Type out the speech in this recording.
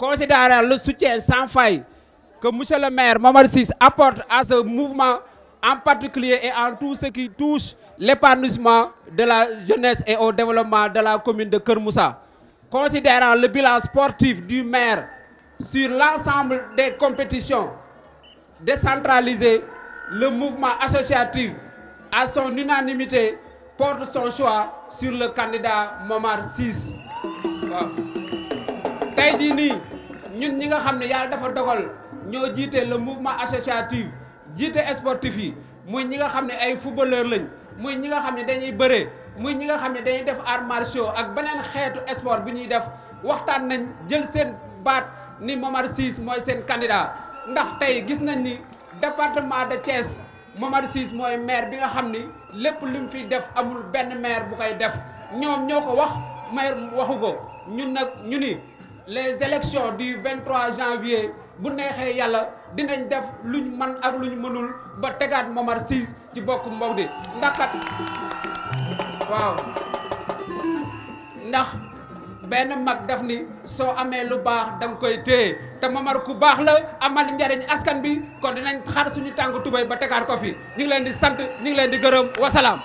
considérant le soutien sans faille que M. le maire Mamar 6 apporte à ce mouvement en particulier et en tout ce qui touche l'épanouissement de la jeunesse et au développement de la commune de Kermoussa. Considérant le bilan sportif du maire sur l'ensemble des compétitions décentralisées, le mouvement associatif à son unanimité porte son choix sur le candidat Mamar 6. ñun ñi nga xam ne yàlla dafa dogal ñoo jiite le mouvement associatif jiite sportif yi muy ñi nga xam ne ay footballeur lañ muy ñi nga xam ne dañuy bëree muy ñi nga xam ne dañuy def arts martiaux ak beneen xeetu sport bi ñuy def waxtaan nañ jël seen baat ni Momar Ciss mooy seen candidat ndax tey gis nañ ni département de Thiès Momar Ciss mooy maire bi nga xam ni lépp lu mu fiy def amul benn maire bu koy def ñoom ñoo ko wax maire waxu ko ñun nag ñu ni les élections du 23 janvier bu neexee yàlla dinañ def luñ man ak luñ mënul ba tegaat Momar ci bokk Mbawde ndax waaw ndax ben mag daf ni so amé lu bax dang koy téye té Momar ku bax la amal njariñ askan bi kon dinañ xar suñu tàng tubay ba tegaat ko fi ñu ngi leen di sant ñu ngi leen di gëreum wa salam